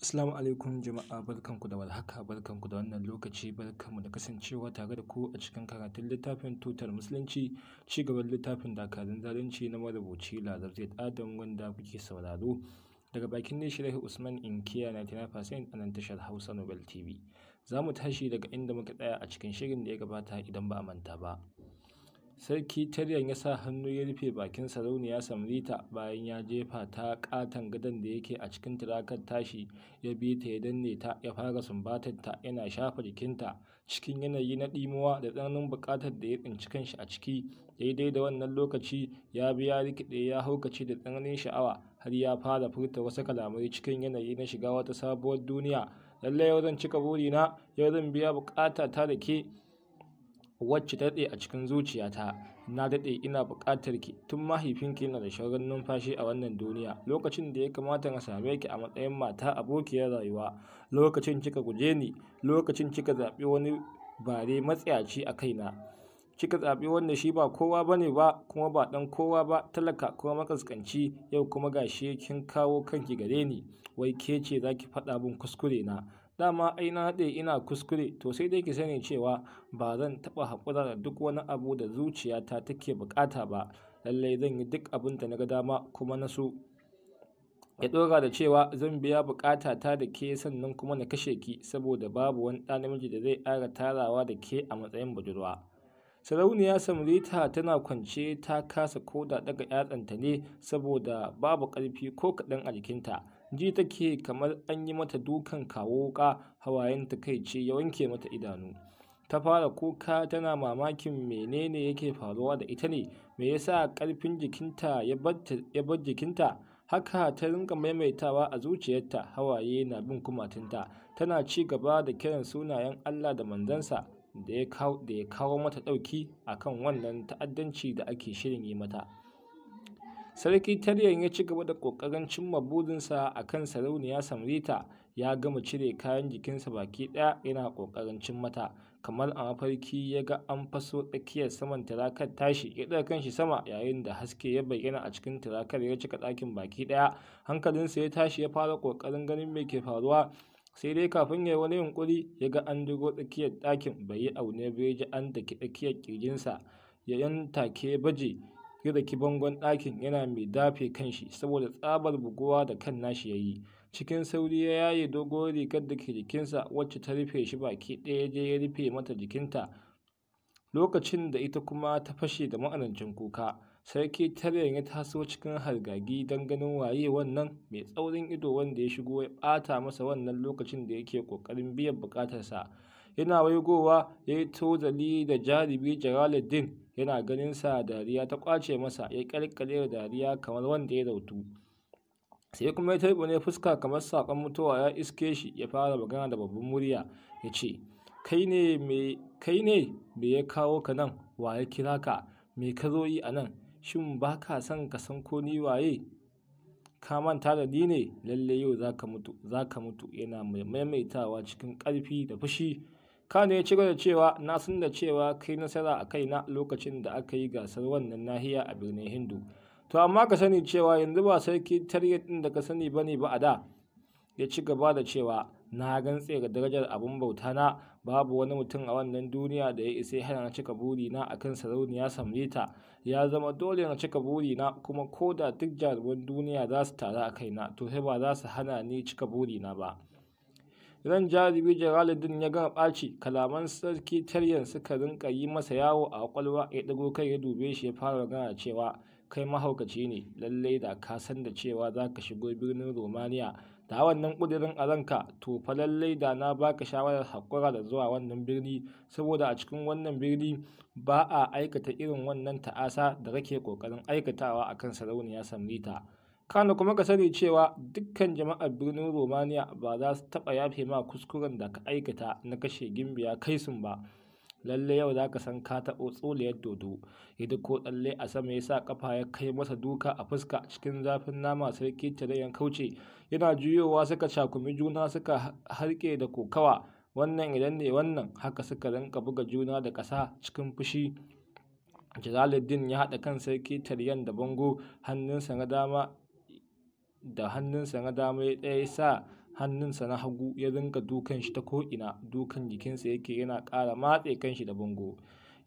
Assalamu alaikum jama'a barkanku da warhaka barkanku da wannan lokaci barkanmu da kasancewa tare da ku a cikin karatun littafin tutar musulunci ci gaban littafin dakarun zalunci na marubuci Lazar Zaid Adam wanda kuke sauraro daga bakin ne shirai Usman Inkiya 99% a nan tashar Hausa Nobel TV za mu tashi daga inda muka tsaya a cikin shirin da ya gabata idan ba a manta ba Sarki Taryan ya sa hannu ya rufe bakin Sarauniya Samrita bayan ya jefa ta katon gadon da yake a cikin turakar tashi ya bi ta ya danne ta ya fara sumbatar ta yana shafa jikinta cikin yanayi na dimuwa da tsananin bukatar da ya tsinci kanshi a ciki daidai da wannan lokaci ya bi ya rikide ya haukace da tsananin sha'awa har ya fara furta wasu kalamai cikin yanayi na shiga wata sabuwar duniya lallai yau zan cika burina yau zan biya bukata ta da ke wacce ta daɗe a cikin zuciyata na daɗe ina buƙatar ki tun mahaifinki yana da shauran numfashi a wannan duniya lokacin da ya kamata na same ki a matsayin mata abokiyar rayuwa lokacin kika guje ni lokacin kika zaɓi wani bare matsayaci a kaina kika zaɓi wanda shi ba kowa ba ne ba kuma ba ɗan kowa ba talaka kuma makaskanci yau kuma ga gashi kin kawo kanki gare ni wai ke ce za ki faɗa bin kuskure na dama ai na haɗe ina kuskure to sai dai ki sani cewa ba zan taɓa haƙura da duk wani abu da zuciyata take buƙata ba lallai zan yi duk abin da na ga dama kuma na so ya ɗora da cewa zan biya buƙata ta da ke sannan kuma na kashe ki saboda babu wani ɗan namiji da zai ƙara tarawa da ke a matsayin budurwa sarauniya samrita tana kwance ta kasa koda daga yatsanta ne saboda babu karfi ko kaɗan a jikinta ji take kamar an yi mata dukan kawo wuƙa hawayen ce ya wanke mata idanu ta fara kuka tana mamakin menene yake faruwa da ita ne me yasa ƙarfin jikinta ya bar jikinta haka ta rinka maimaitawa a zuciyarta hawaye na bin kumatinta tana ci gaba da kiran sunayen Allah da manzansa da ya kawo mata ɗauki akan wannan ta'addanci da ake shirin yi mata Sarki Taryan ya ci gaba da ƙoƙarin cimma burinsa a kan sarauniya Samrita ya gama cire kayan jikinsa baki ɗaya yana ƙoƙarin cin mata kamar a mafarki ya ga an faso tsakiyar saman tirakar tashi ya ɗaga kanshi sama yayin da haske ya bayyana a cikin tirakar ya cika dakin baki ɗaya hankalinsa ya tashi ya fara ƙoƙarin ganin mai ke faruwa sai dai kafin ya yi wani yunƙuri ya ga an dugo tsakiyar ɗakin bai yi aune ba ya ji an daki tsakiyar ƙirjinsa ya yan take baje riraki bangon ɗakin yana mai dafe kanshi saboda tsabar buguwa da kan nashi ya yi cikin sauri ya yaye doguwar rigar da ke jikinsa wacce ta rufe shi baki ɗaya je ya rufe mata jikinta lokacin da ita kuma ta fashe da ma'anancin kuka sarki taryan ya taso cikin hargagi don ganin waye wannan mai tsaurin ido wanda ya shigo ya ɓata masa wannan lokacin da yake ƙoƙarin biyan buƙatarsa yana waigowa ya yi tozali da jaribi jalaluddin yana ganin sa dariya ta kwace masa ya kalkale da dariya kamar wanda ya rautu sai kuma ya ne fuska kamar sakon mutuwa ya iske shi ya fara magana da babban murya ya ce kai ne me ya kawo ka nan wa ya kira ka me ka zo yi a nan shin ba ka son ka san ko ni waye ka manta da ni ne lalle yau za ka mutu yana maimaitawa cikin ƙarfi da fushi Kano ya cigaba da cewa na san da cewa kai nasara a kaina lokacin da aka yi gasar wannan nahiya a birnin Hindu. To amma ka sani cewa yanzu ba sarki tarihi din da ka sani bane ba a da. Ya ci gaba da cewa na gantse ga darajar abin bauta na babu wani mutum a wannan duniya da ya isa hana na cika burina a kan sarauniya samrita ya zama dole na cika buri na kuma ko da duk jaruman duniya za su taru a kaina to sai ba za su hana ni cika buri na ba. ran jarumi jalaluddin ya gama ɓaci kalaman sarki taryan suka rinka yi masa yawo a kwalwa ya ɗago kai ya dube shi ya fara gana cewa kai mahaukaci ne lallai da ka san da cewa za ka shigo birnin romania da wannan ƙudurin a ranka to fa lallai da na baka shawarar haƙura da zuwa wannan birni saboda a cikin wannan birni ba a aikata irin wannan ta'asa da kake ƙoƙarin aikatawa akan sarauniya samrita Kano kuma ka sani cewa dukkan jama'ar birnin Romania ba za su taɓa yafe ma kuskuren da ka aikata na kashe gimbiya kai sun ba. Lalle yau za ka san ka taɓo tsoliyar dodo, idan ko tsalle a sama ya sa ƙafa ya kai masa duka a fuska cikin zafin nama sarki tarayen kauce, yana juyowa suka cakumi juna suka harke da kokawa, wannan idan ne wannan haka suka rinka buga juna da ƙasa cikin fushi. Jalaluddin ya haɗa kan sarki taryan da bango hannunsa na dama da hannunsa na dama ya ɗaya sa hannunsa na hagu ya dinka dukan shi ta ko'ina dukan jikinsa yake yana ƙara matse kanshi da bango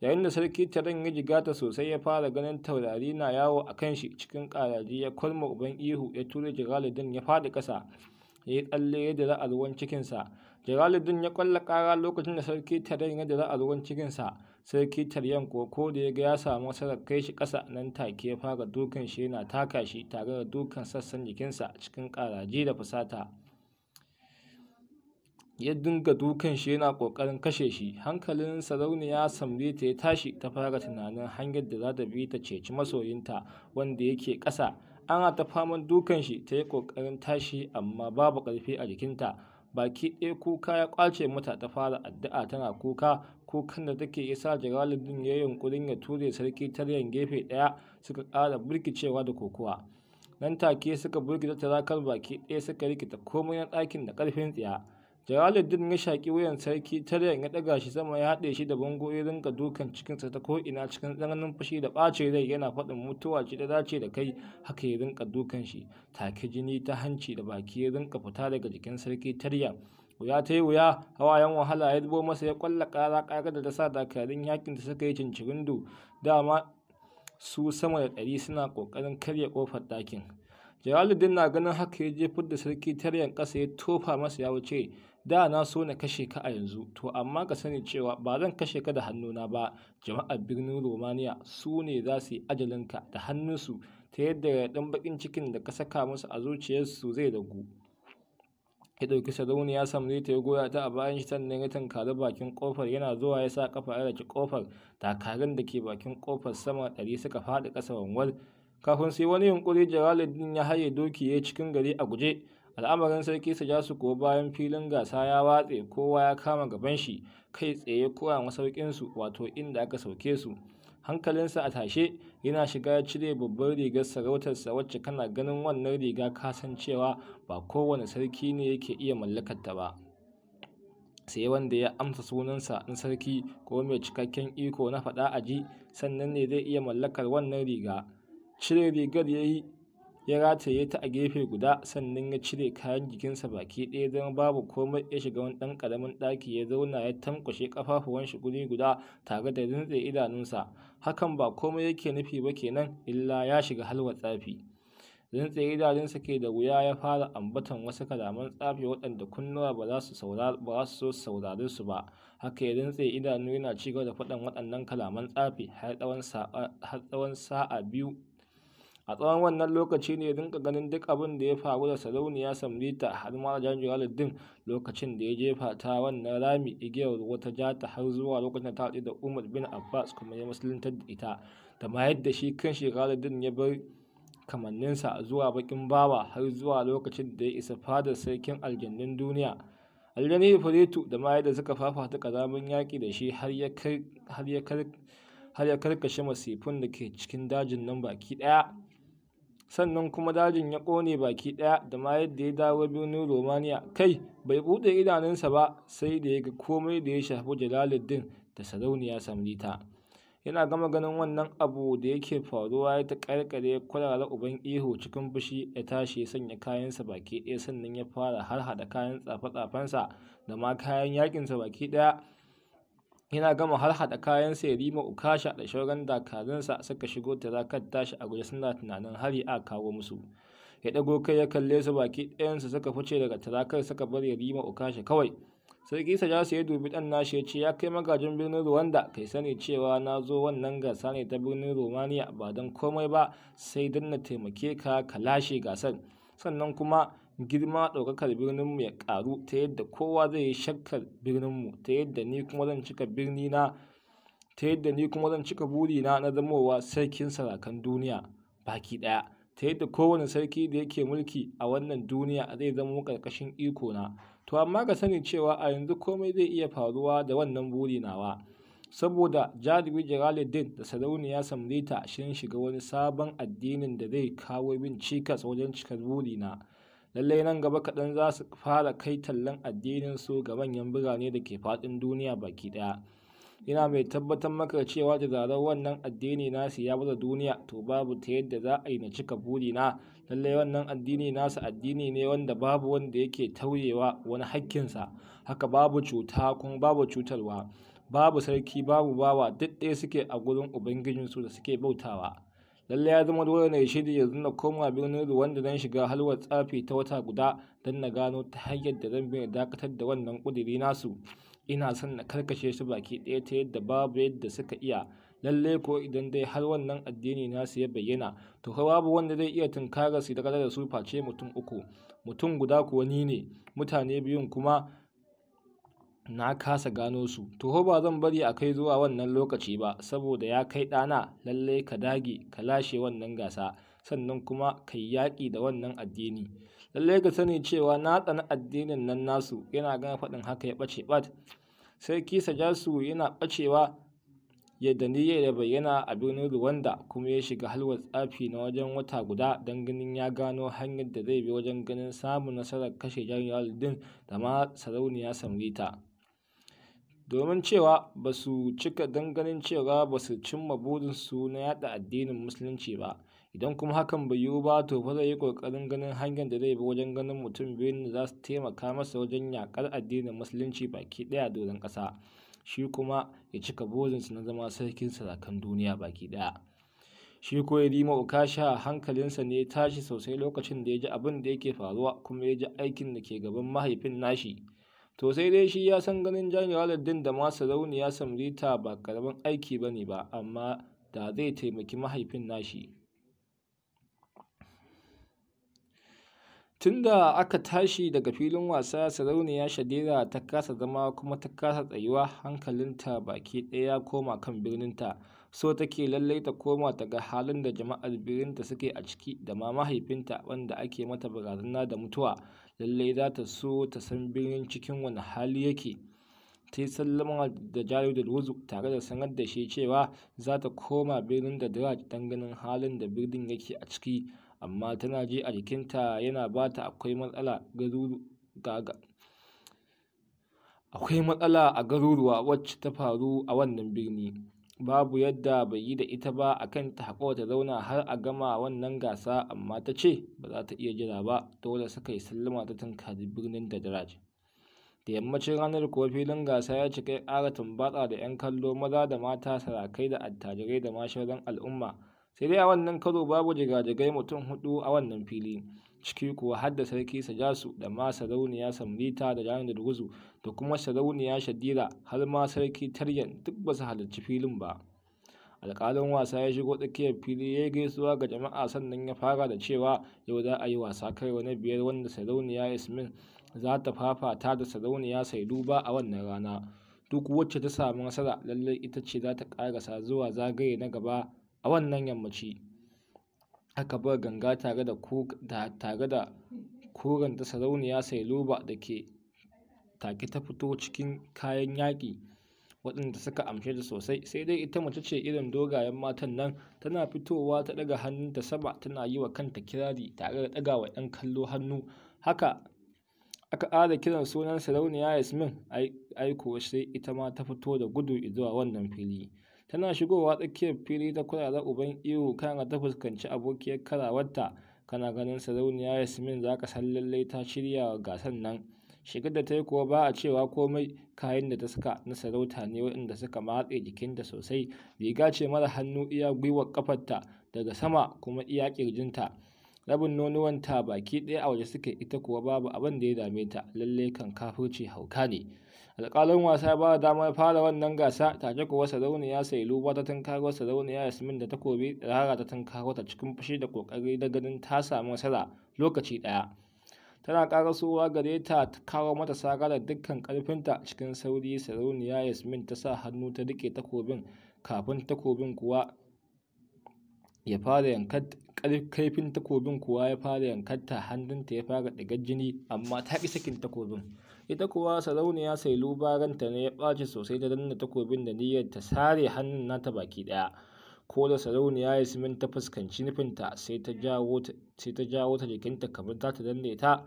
yayin da sarki taron ya jigata sosai ya fara ganin taurari na yawo a kan shi cikin ƙaraji ya kwalma uban ihu ya tura jiraladin ya faɗi ƙasa ya yi tsalle ya dira a ruwan cikinsa jiraladin ya kwalla ƙara lokacin da sarki taron ya dira a ruwan cikinsa sarki taryan yanko ko da ya ga ya samu sarar kai shi kasa nan take ya fara dukan shi yana taka shi tare da dukan sassan jikinsa cikin karaji da fusata ya dinga dukan shi yana kokarin kashe shi hankalin sarauniya samri ta ya tashi ta fara tunanin hanyar da za ta bi ta ceci masoyinta wanda yake kasa ana ta faman dukan shi ta yi kokarin tashi amma babu karfi a jikinta baki ɗaya kuka ya kwace mata ta fara addu'a tana kuka kukan da take isa jalaluddin ya yunkurin ya ture sarki taryan gefe ɗaya suka ƙara birkicewa da kokowa nan take suka ta talakar baki ɗaya suka rikita komai na ɗakin da ƙarfin tsiya jalaluddin ya shaƙi wuyan sarki taryan ya ɗaga shi sama ya haɗe shi da bango ya rinka dukan cikinsa ta ina cikin tsananin fushi da ɓacin rai yana faɗin mutuwa ce da dace da kai haka ya rinka dukan shi take jini ta hanci da baki ya rinka fita daga jikin sarki taryan wuya ta yi wuya hawa yan wahala ya dubo masa ya kwalla kara kara da ta sa dakarun yakin da suka yi du dama su sama da ɗari suna ƙoƙarin karya ƙofar ɗakin jalaluddin na ganin haka ya jefar da sarki taryan ƙasa ya tofa masa ya wuce da na so na kashe ka a yanzu to amma ka sani cewa ba zan kashe ka da hannuna ba jama'ar birnin romania su ne za su yi ajalinka da hannunsu ta yadda ɗan baƙin cikin da ka saka musu a zuciyarsu zai ragu ya ɗauki sarauniya samrita ya goya ta a bayan shi sannan ya tankari bakin kofar yana zuwa ya sa kafa ya raki kofar takarin da ke bakin kofar sama ɗari suka faɗi ƙasa wangwal kafin sai wani yunƙuri jaraladin ya haye doki ya cikin gari a guje al'amarin sarki su ja su kuwa bayan filin gasa ya watse kowa ya kama gaban shi kai tsaye kowa masaukinsu wato inda aka sauke su hankalinsa a tashe yana shiga cire babbar rigar sarautarsa wacce kana ganin wannan riga kasancewa ba kowane sarki ne yake iya mallakarta ba sai wanda ya amsa sunansa na sarki ko mai cikakken iko na faɗa a ji sannan ne zai iya mallakar wannan riga cire rigar ya yi ya rataye ta a gefe guda sannan ya cire kayan jikinsa baki ɗaya don babu komai ya shiga wani ɗan ƙaramin ɗaki ya zauna ya tankwashe ƙafafuwan shi guri guda tare da rintse idanunsa hakan ba komai yake nufi ba kenan illa ya shiga halwa tsafi rintse idanunsa ke da wuya ya fara ambaton wasu kalaman tsafi waɗanda kunnuwa ba za su so saurare su ba haka ya rintse idanu yana cigaba da faɗan waɗannan kalaman tsafi har tsawon sa'a biyu a tsawon wannan lokaci ne ya dinka ganin duk abin da ya faru da sarauniya samrita har ma jan jalaluddin lokacin da ya jefa ta wannan rami igiyar wata ta ja ta har zuwa lokacin da ta da umar bin abbas kuma ya musuluntar da ita da ma yadda shi kan jalaluddin ya bar kamanninsa zuwa bakin bawa har zuwa lokacin da ya isa fadar sarkin aljannin duniya aljani firitu da ma yadda suka fafata ƙazamin yaƙi da shi har ya karkashe masifin da ke cikin dajin nan baki ɗaya sannan kuma dajin ya ƙone baki ɗaya da ma yadda ya dawo birnin romania kai bai buɗe idanunsa ba sai da ya ga komai da ya shafi jalaluddin da sarauniya samrita yana gama ganin wannan abu da yake faruwa ya ta ƙarƙare kwarara uban ihu cikin fushi ya tashi ya sanya kayansa baki ɗaya sannan ya fara harhada kayan tsafe-tsafensa da ma kayan yaƙinsa baki ɗaya yana gama har haɗa kayansa sai rima ukasha da da dakarunsa suka shigo tarakar tashi a guje suna tunanin hari a kawo musu ya ɗago kai ya kalle su baki ɗayansu suka fice daga tarakar suka bar rima ukasha kawai sarki sajasa ya dubi ɗan nashi ya ce ya kai magajin birnin rwanda kai sani cewa na zo wannan gasa ne ta birnin romania ba don komai ba sai don na taimake ka ka lashe gasar sannan kuma girma ɗaukakar birninmu ya ƙaru ta yadda kowa zai yi shakkar birninmu ta yadda ni kuma zan cika birnina ta yadda ni kuma zan cika burina na zamowa sarkin sarakan duniya baki ɗaya ta yadda kowane sarki da yake mulki a wannan duniya zai zama ƙarƙashin ikona to amma ka sani cewa a yanzu komai zai iya faruwa da wannan buri nawa saboda jarumi jalaluddin da sarauniya samrita shirin shiga wani sabon addinin da zai kawo bin cikas wajen cikar burina lallai nan gaba kaɗan za su fara kai tallan addinin su ga manyan birane da ke faɗin duniya baki ɗaya ina mai tabbatar maka cewa da zarar wannan addini nasu ya baza duniya to babu ta yadda za a yi na cika burina lallai wannan addini nasu addini ne wanda babu wanda yake tauyewa wani hakkinsa haka babu cuta kuma babu cutarwa babu sarki babu bawa duk ɗaya suke a gurin ubangijinsu da suke bautawa lalle ya zama dole ne shi yanzu na koma birnin wanda zan shiga halwar tsafi ta wata guda don na gano ta hanyar da zan biya dakatar da wannan ƙudiri nasu ina son na karkashe su baki ɗaya ta yadda babu yadda suka iya lalle ko idan dai har wannan addini nasu ya bayyana to fa babu wanda zai iya tunkara su da da su face mutum uku mutum guda kuwa ni ne mutane biyun kuma na kasa gano su toho ba zan bari a kai zuwa wannan lokaci ba saboda ya kai ɗana lallai ka dage ka lashe wannan gasa sannan kuma ka yi yaƙi da wannan addini lallai ka sani cewa na tsana addinin nan nasu yana gana faɗin haka ya ɓace ɓat sai kisa jasu yana ɓacewa yadda ni ya bayyana a birnin Rwanda kuma ya shiga halwar tsafi na wajen wata guda don ganin ya gano hanyar da zai bi wajen ganin samun nasarar kashe Jan din da ma sarauniya Samrita. domin cewa ba su cika danganin cewa ba su cimma burinsu na yada addinin musulunci ba idan kuma hakan bai yiwu ba to fa zai yi kokarin ganin hanyar da zai bi wajen ganin mutum biyun da za su taimaka masa wajen yakar addinin musulunci baki ɗaya doron ƙasa shi kuma ya cika burinsu na zama sarkin sarakan duniya baki ɗaya shi ko ya Yarima Ukasha hankalinsa ne ya tashi sosai lokacin da ya ji abin da yake faruwa kuma ya ji aikin da ke gaban mahaifin nashi to sai dai shi ya san ganin jami'aladdin da ma sarauniya samrita ba karamin aiki ba ne ba amma da zai taimaki mahaifin nashi tunda aka tashi daga filin wasa sarauniya shadera ta kasa zama kuma ta kasa tsayuwa hankalinta baki ɗaya koma kan birninta so take lallai ta koma ta ga halin da jama'ar birinta suke a ciki da ma mahaifinta wanda ake mata barazana da mutuwa lallai za ta so ta san birnin cikin wani hali yake ta yi sallama da jari da tare da sanar da shi cewa za ta koma birnin da diraj dan ganin halin da birnin yake a ciki amma tana ji a jikinta yana ba ta akwai matsala akwai matsala a garuruwa wacce ta faru a wannan birni babu yadda bai yi da ita ba a kan ta haƙo ta zauna har a gama wannan gasa amma ta ce ba za ta iya jira ba dole suka yi sallama ta tunkari birnin da daraj da yammacin ranar kuwa filin gasa ya cika ƙara tambatsa da 'yan kallo maza da mata sarakai da attajirai da mashauran al'umma sai dai a wannan karo babu jigajigai mutum hudu a wannan fili ciki kuwa hadda da sarki Sajasu da ma sarauniya Samrita da janar da Duguzu da kuma sarauniya Shadira har ma sarki Taryan duk ba su halarci filin ba. Alƙalin wasa ya shigo tsakiyar fili ya gaisuwa ga jama'a sannan ya fara da cewa yau za a yi wasa kai na biyar wanda sarauniya ismin za ta fafata da sarauniya Saiduba a wannan rana. Duk wacce ta samu nasara lallai ita ce za ta ƙarasa zuwa zagaye na gaba a wannan yammaci. aka bar ganga tare da koren ta sarauniya sai Sailuba da ke take ta fito cikin kayan yaƙi waɗanda suka amshe da sosai sai dai ita mace ce irin dogayen matan nan tana fitowa ta ɗaga hannunta sama tana yi wa kanta kirari tare da ɗaga wa ‘yan kallo hannu haka aka ƙara kiran sunan sarauniya yasmin aiko sai ita ma ta fito da gudu zuwa wannan fili tana shigowa tsakiyar fili ta kurara uban ihu kana ta fuskanci abokiyar karawarta kana ganin sarauniya yasmin za ka san lallai ta shirya wa gasan nan shigar da ta yi kuwa ba a cewa komai kayan da ta saka na sarauta ne waɗanda suka matse jikinta sosai riga ce mara hannu iya gwiwar kafarta daga sama kuma iya ƙirjinta rabin nonuwan ta baki ɗaya a waje suke ita kuwa babu abin da ya dame ta lalle kan kafirci hauka ne alƙalin wasa ba da damar fara wannan gasa take kuwa sarauniya luba ta tunkaro sarauniya yasmin da takobi rara ta tunkaro ta cikin fushi da ƙoƙari da ganin ta samu nasara lokaci ɗaya tana karasowa gare ta ta kawo mata saka da dukkan ƙarfinta cikin sauri sarauniya yasmin ta sa hannu ta riƙe takobin kafin takobin kuwa ya fara yankar kaifin takobin kuwa ya fara yankarta hannunta ya fara ɗigar jini amma ta ƙi sakin takobin ita kuwa sarauniya sai lubaranta ne ya ɓace sosai ta danna takobin da niyyar ta sare hannun nata baki ɗaya ko da sarauniya ya ta fuskanci nufinta sai ta jawo ta jikinta kamar za ta danne ta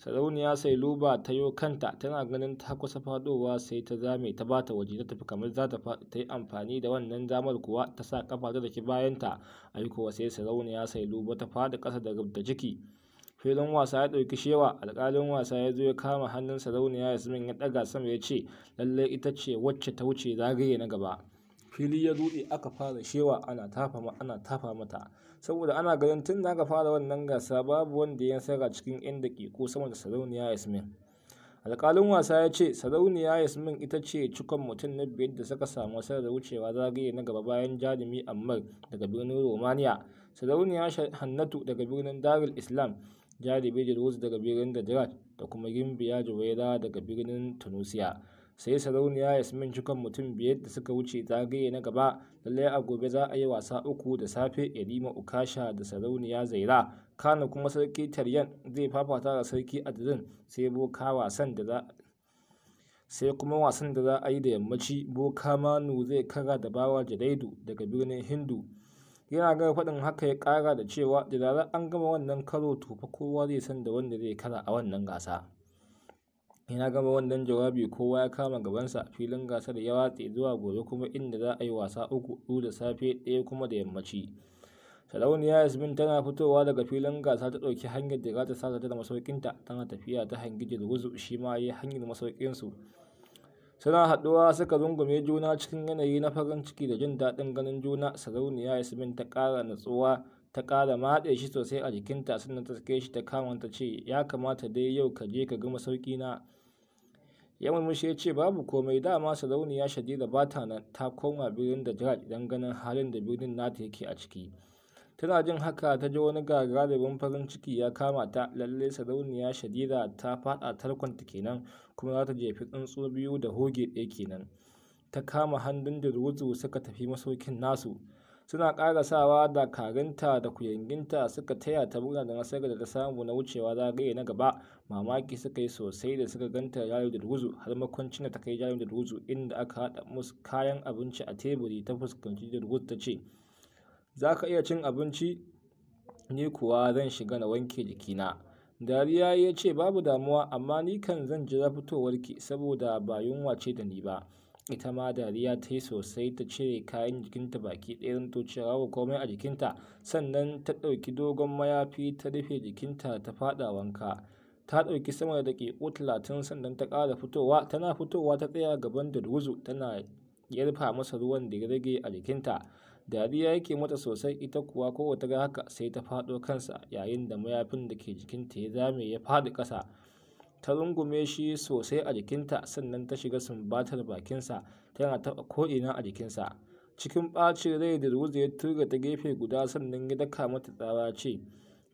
Sarauniya sai luba ta yo kanta tana ganin ta kusa faɗowa sai ta zame ta bata waje ta tafi kamar za ta yi amfani da wannan damar kuwa ta sa kafa ta daki bayanta aikowa sai Sarauniya sai luba ta fada kasa da rubda jiki. filin wasa ya ɗauki shewa alƙalin wasa ya zo ya kama hannun sarauniya ya sumin ya daga sama ya ce lallai ita ce wacce ta wuce zagaye na gaba fili ya rudi aka fara shewa ana tafa mata saboda ana ganin tun da aka fara wannan gasa babu wanda ya nasara cikin 'yan ko sama da sarauniya yasmin alƙalin wasa ya ce sarauniya yasmin ita ce cikon mutum na biyar da suka samu da wucewa zagaye na gaba bayan jarumi ammar daga birnin romania sarauniya hannatu daga birnin darul islam jarumi jirus daga birnin da da kuma gimbiya juwaira daga birnin tunisia sai sarauniya ya yasmin kan mutum biyar da suka wuce zagaye na gaba lallai a gobe za a yi wasa uku da safe yarima ukasha da sarauniya zaira kano kuma sarki taryan zai fafata da sarki adirin sai boka wasan da za sai kuma wasan da za a yi da yammaci boka manu zai kara da bawa jadaidu daga birnin hindu yana gara faɗin haka ya kara da cewa da an gama wannan karo tufa kowa zai san da wanda zai kara a wannan gasa na gama wannan jawabi kowa ya kama gabansa filin gasar ya watse zuwa gobe kuma inda za a yi wasa uku, huɗu da safe ɗaya kuma da yammaci. Sarauniya Yasmin tana fitowa daga filin gasa ta ɗauki hanyar da za ta da masaukinta tana tafiya ta hangi wuzu shi ma ya yi hanyar masaukinsu. Suna haɗuwa suka rungume juna cikin yanayi na farin ciki da jin daɗin ganin juna Sarauniya Yasmin ta ƙara natsuwa ta ƙara matse shi sosai a jikinta sannan ta sake shi ta kamanta ce ya kamata dai yau ka je ka ga masauki na. ya murmushi ya ce babu komai dama sarauniya shadida ba ta nan ta koma birnin da jihar idan ganin halin da birnin nata yake a ciki tana jin haka ta ji wani galibin farin ciki ya kama ta lalle sarauniya shadida ta faɗa tarkonta kenan kuma za ta jefi tsuntsu biyu da hoge ɗaya kenan ta kama hannun da suka tafi masaukin nasu suna ƙarasawa da karinta da kuyanginta suka taya ta murna da nasarar da ta samu na wucewa zagaye na gaba mamaki suka yi sosai da suka ganta yayin da ruzu har makwancin da ta kai yayin da ruzu inda aka haɗa musu kayan abinci a teburi ta fuskanci da ruzu ta ce za ka iya cin abinci ni kuwa zan shiga na wanke jikina dariya ya ce babu damuwa amma ni kan zan jira fitowarki saboda ba yunwa ce da ni ba ita ma dariya ta yi sosai ta cire kayan jikinta baki ɗaya to cewa babu komai a jikinta sannan ta ɗauki dogon mayafi ta rufe jikinta ta faɗa wanka ta ɗauki sama da daƙiƙu talatin sannan ta ƙara fitowa tana fitowa ta tsaya gaban durwuzu tana yarfa masa ruwan da ya rage a jikinta dariya yake mata sosai ita kuwa kowace ga haka sai ta faɗo kansa yayin da mayafin da ke jikinta ya zame ya faɗi ƙasa ta rungume shi sosai a jikinta sannan ta shiga sumbatar bakinsa tana taɓa ko'ina a jikinsa cikin ɓacin rai da ruza ya tura ta gefe guda sannan ya daka mata tsawa ce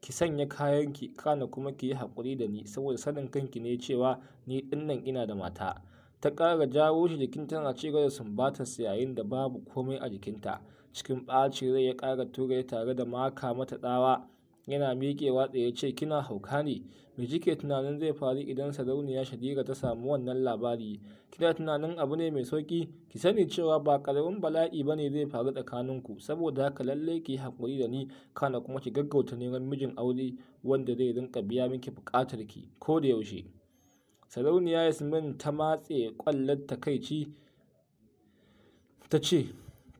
ki sanya kayanki kana kuma ki yi haƙuri da ni saboda sanin kanki ne cewa ni ɗinnan ina da mata ta ƙara jawo shi jikin tana ci gaba da sumbatarsa yayin da babu komai a jikinta cikin ɓacin rai ya ƙara tura tare da maka mata tsawa yana miƙewa tsaye ce kina hauka ne me kike tunanin zai faru idan sarauniya shadira ta samu wannan labari kina tunanin abu ne mai sauki ki sani cewa ba karamin bala'i ba ne zai faru tsakaninku saboda haka lalle ki yi haƙuri da ni kana kuma ki gaggauta neman mijin aure wanda zai rinka biya miki buƙatar ki ko da yaushe sarauniya yasmin ta matse ƙwallon takaici ta ce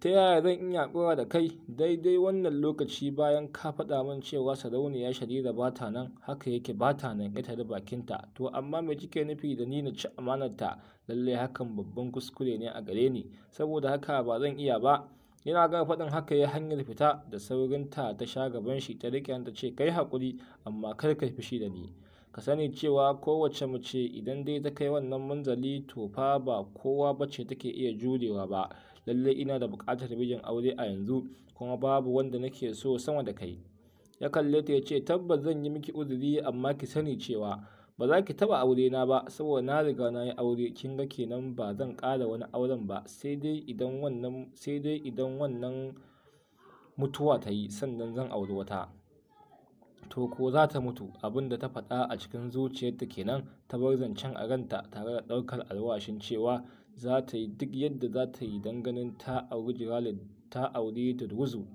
ta yaya zan iya haƙura da kai daidai wannan lokaci bayan ka faɗa min cewa sarauniya sharira ba ta nan haka yake ba ta nan ita da bakinta to amma me cike nufi da ni na ci amanarta lalle hakan babban kuskure ne a gare ni saboda haka ba zan iya ba yana ga faɗin haka ya hanyar fita da saurin ta ta sha gaban shi ta riƙe ta ce kai haƙuri amma kar ka fishi da ni ka sani cewa kowace mace idan dai ta kai wannan manzali to fa ba kowa bace take iya jurewa ba lallai ina da buƙatar mijin aure a yanzu kuma babu wanda nake so sama da kai ya kalle ta ya ce tabbas zan yi miki uzuri amma ki sani cewa ba za ki taɓa aure na ba saboda na riga na yi aure kin ga kenan ba zan ƙara wani auren ba sai dai idan wannan sai dai idan wannan mutuwa ta yi sannan zan auri wata to ko za ta mutu abinda ta faɗa a cikin zuciyarta kenan ta bar zancen a ranta tare da ɗaukar alwashin cewa za ta yi duk yadda za ta yi don ganin ta auri Jalil ta auri wuzu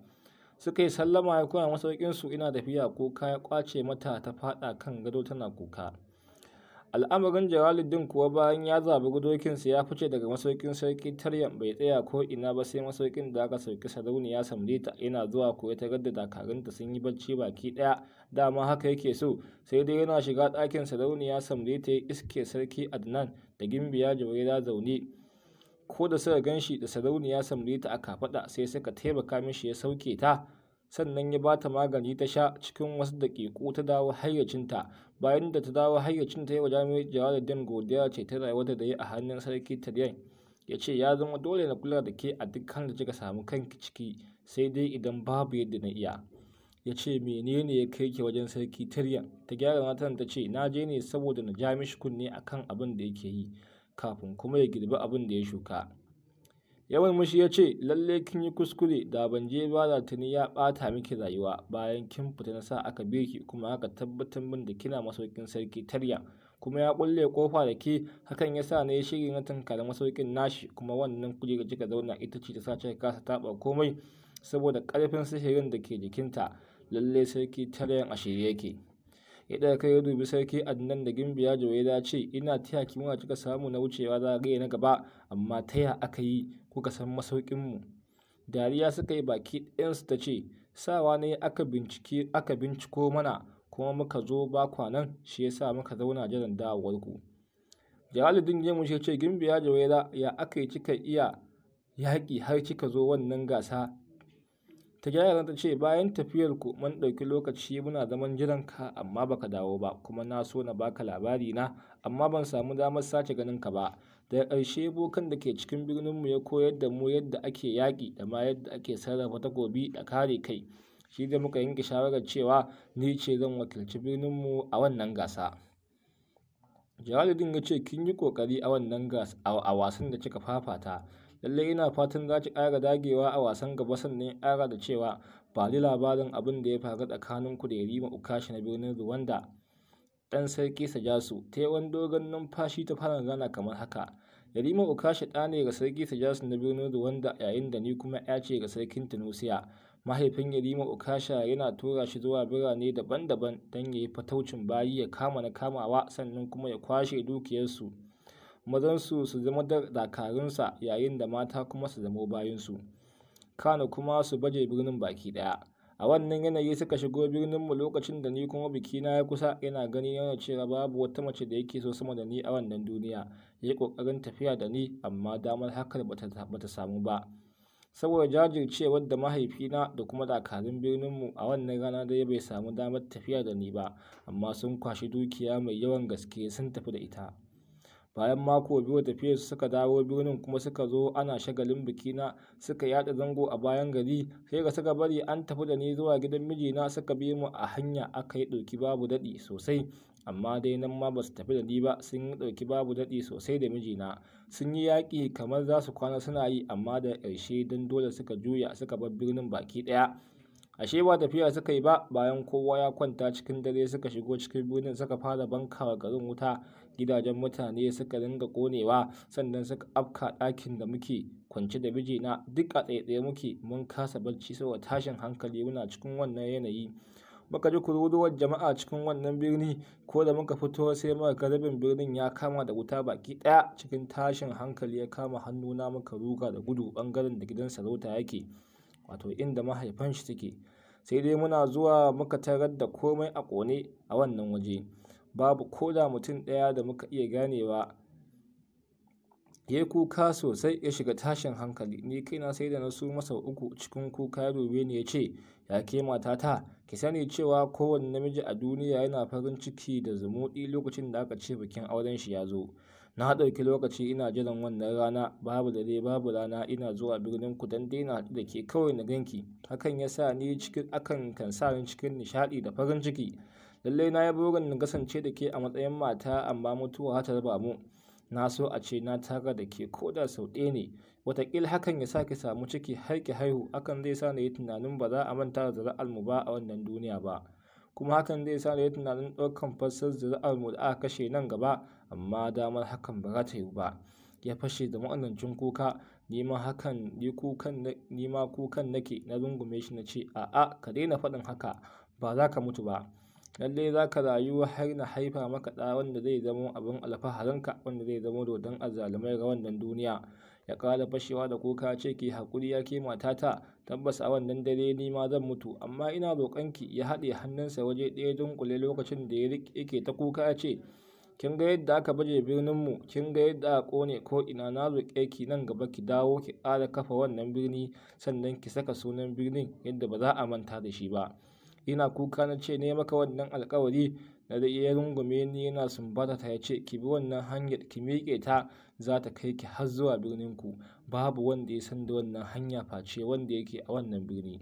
Suka yi sallama ya kuna masaukinsu ina tafiya ko kaya ƙwace mata ta faɗa kan gado tana kuka. Al'amarin Jalaluddin kuwa bayan ya zabi gudokinsa ya fice daga masaukin sarki Taryan bai tsaya ko ina ba sai masaukin da aka sauki sarauniya Samdita yana zuwa koya ya tarar da dakarunta sun yi bacci baki ɗaya dama haka yake so sai dai yana shiga ɗakin sarauniya Samdita ya iske sarki Adnan da Gimbiya Jawaira zaune ko da suka ganshi da sarauniya Samdita a kafaɗa sai suka taimaka mishi ya sauke ta sannan ya ba ta magani ta sha cikin wasu daƙiƙu ta dawo hayyacinta bayan da ta dawo hayyacinta yawa jami'ar jawaladdin godiya ce ta rayuwarta da ya a hannun sarki taryan ya ce ya zama dole na kula da ke a dukkan da kika samu kanki ciki sai dai idan babu yadda na iya ya ce menene ya kai ki wajen sarki taryan ta gyara matan ta ce na je ne saboda na ja mishi kunne kan abin da yake yi kafin kuma ya girbi abin da ya shuka Yawan mushi ya ce, lalle kin yi kuskure da ban je ba da tuni ya bata miki rayuwa bayan kin fita na sa aka bi ki kuma aka tabbatar min da kina masaukin sarki tarya kuma ya kulle kofa da ke hakan ya sa na yi shiri na tankara masaukin nashi kuma wannan ga kika zauna ita ce ta sace kasa taba komai saboda karfin sihirin da ke jikinta lalle sarki tarya a shirye yake. ya daga kai ya dubi sarki adnan da gimbiya ya ce ina taya ki muna kika samu na wucewa zagaye na gaba amma taya aka yi kuka san masauƙinmu dariya suka yi baki ɗayansu ta ce sawa ne aka binciko mana kuma muka zo ba kwanan shi ya sa muka zauna jiran dawowarku jalaluddin ya mushe ce gimbiya jawaira ya aka yi cika iya yaƙi har kika zo wannan gasa ta gyara ta ce bayan tafiyar ku mun ɗauki lokaci muna zaman jiran ka amma baka dawo ba kuma na so na baka labari na amma ban samu damar sace ganin ka ba da karshe bokan da ke cikin birnin mu ya koyar da mu yadda ake yaƙi da ma yadda ake sarrafa takobi da kare kai shi da muka yanke shawarar cewa ni ce zan wakilci birnin mu a wannan gasa Jalaluddin ya ce kin yi kokari a wannan gasa a wasan da kika fafata lallai ina fatan za ki ƙara dagewa a wasan gaba sannan ya ƙara da cewa ba ni labarin abin da ya faru tsakanin ku da yarima ukashi na birnin ruwanda ɗan sarki sajasu ta yawan dogon numfashi ta fara magana kamar haka yarima ukashi ɗa ne ga sarki sajasu na birnin ruwanda yayin da ni kuma ya ce ga sarkin tunusiya mahaifin yarima ukasha yana tura shi zuwa birane daban-daban don ya yi fataucin bayi ya kama na kamawa sannan kuma ya kwashe dukiyarsu mazansu su zama dakarunsa yayin da mata kuma su zamo bayansu kano kuma su baje birnin baki ɗaya a wannan yanayi suka shigo mu lokacin da ni kuma bikina ya kusa yana gani yana cewa babu wata mace da yake so sama da ni a wannan duniya ya yi ƙoƙarin tafiya da ni amma damar hakan bata samu ba saboda jajircewar da mahaifina da kuma dakarun birnin mu a wannan rana da ya bai samu damar tafiya da ni ba amma sun kwashi dukiya mai yawan gaske sun tafi da ita bayan mako biyu tafiyar su suka dawo birnin kuma suka zo ana shagalin bikina na suka yada zango a bayan gari sai ga suka bari an tafi da ni zuwa gidan mijina suka bi mu a hanya aka yi ɗauki babu daɗi sosai amma dai nan ma ba su tafi da ni ba sun yi ɗauki babu daɗi sosai da mijina sun yi yaki kamar za su kwana suna yi amma da ƙarshe don dole suka juya suka bar birnin baki ɗaya ashe ba tafiya suka yi ba bayan kowa ya kwanta cikin dare suka shigo cikin birnin suka fara banka wa garin wuta gidajen mutane suka ringa konewa sannan suka afka ɗakin da muke kwance da mijina duk a tsaye-tsaye muke mun kasa barci saboda tashin hankali muna cikin wannan yanayi muka ji kururuwar jama'a cikin wannan birni ko da muka fito sai muka ga birnin ya kama da wuta baki ɗaya cikin tashin hankali ya kama hannuna muka ruga da gudu bangaren da gidan sarauta yake wato inda mahaifan shi suke sai dai muna zuwa muka tarar da komai a ƙone a wannan waje babu ko da mutum ɗaya da muka iya ganewa ya kuka sosai ya shiga tashin hankali ni kaina sai da na su masa uku cikin kuka ya dobe ni ya ce ya ke matata ki sani cewa kowane namiji a duniya yana farin ciki da zumuɗi lokacin da aka ce bikin auren shi ya zo na ɗauki lokaci ina jiran wannan rana babu da dai babu rana ina zuwa birnin ku dan daina da ke kawai na ganki hakan ya sa ni cikin akan kan sa ni cikin nishaɗi da farin ciki lallai na yi burin na kasance da ke a matsayin mata amma mutuwa ta raba mu na so a ce na tara da ke ko da sau ɗaya ne wataƙila hakan ya sa ki samu ciki har ki haihu hakan zai sa na yi tunanin ba za a manta da zuri'ar mu ba a wannan duniya ba kuma hakan zai sa da yi tunanin ɗaukan fassar za'ar mu da aka kashe nan gaba amma damar hakan ba za ta yiwu ba ya fashe da ma'anancin kuka nima hakan ni kukan nima kukan nake na rungume shi na ce a'a ka daina faɗin haka ba za ka mutu ba lallai za ka rayu har na haifa maka ɗa wanda zai zama abin alfaharinka wanda zai zamo dodon azzalumai ga wannan duniya ya ƙara fashewa da kuka ce ki haƙuri ya ke matata tabbas a wannan dare ni ma zan mutu amma ina ki ya haɗe hannunsa waje ɗaya dunƙule lokacin da ya yake ta kuka ce kin ga yadda aka baje birnin mu kin ga yadda aka kone ko ina na roƙe ki nan gaba ki dawo ki ƙara kafa wannan birni sannan ki saka sunan birnin yadda ba za a manta da shi ba ina kuka na ce ne maka wannan alƙawari da da iya rungume ni yana sumbatata ta ya ce ki bi wannan hanyar ki miƙe ta za ta kai ki har zuwa birnin ku babu wanda ya san da wannan hanya face wanda yake a wannan birni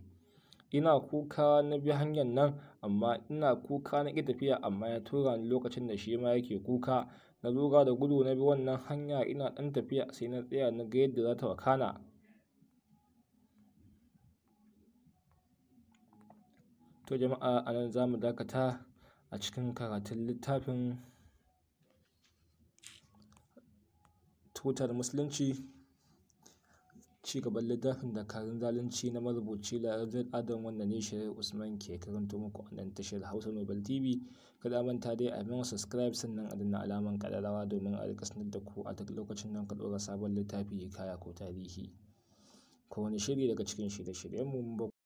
ina kuka na bi hanyar nan amma ina kuka na ƙi tafiya amma ya tura ni lokacin da shi ma yake kuka na zuga da gudu na bi wannan hanya ina ɗan tafiya sai na tsaya na ga yadda za ta wakana to jama'a anan nan za mu dakata a cikin karatun littafin tutar musulunci cigaban littafin dakarun zalunci na marubuci larabin Adam wanda ne Shirin Usman ke karanto muku a nan tashar Hausa Nobel TV. Kada manta dai a min subscribe sannan a danna alaman kadarawa domin a rika sanar da ku a duk lokacin nan ka sabon littafi kaya ko tarihi. Ko wani shiri daga cikin shirye-shiryenmu shiryen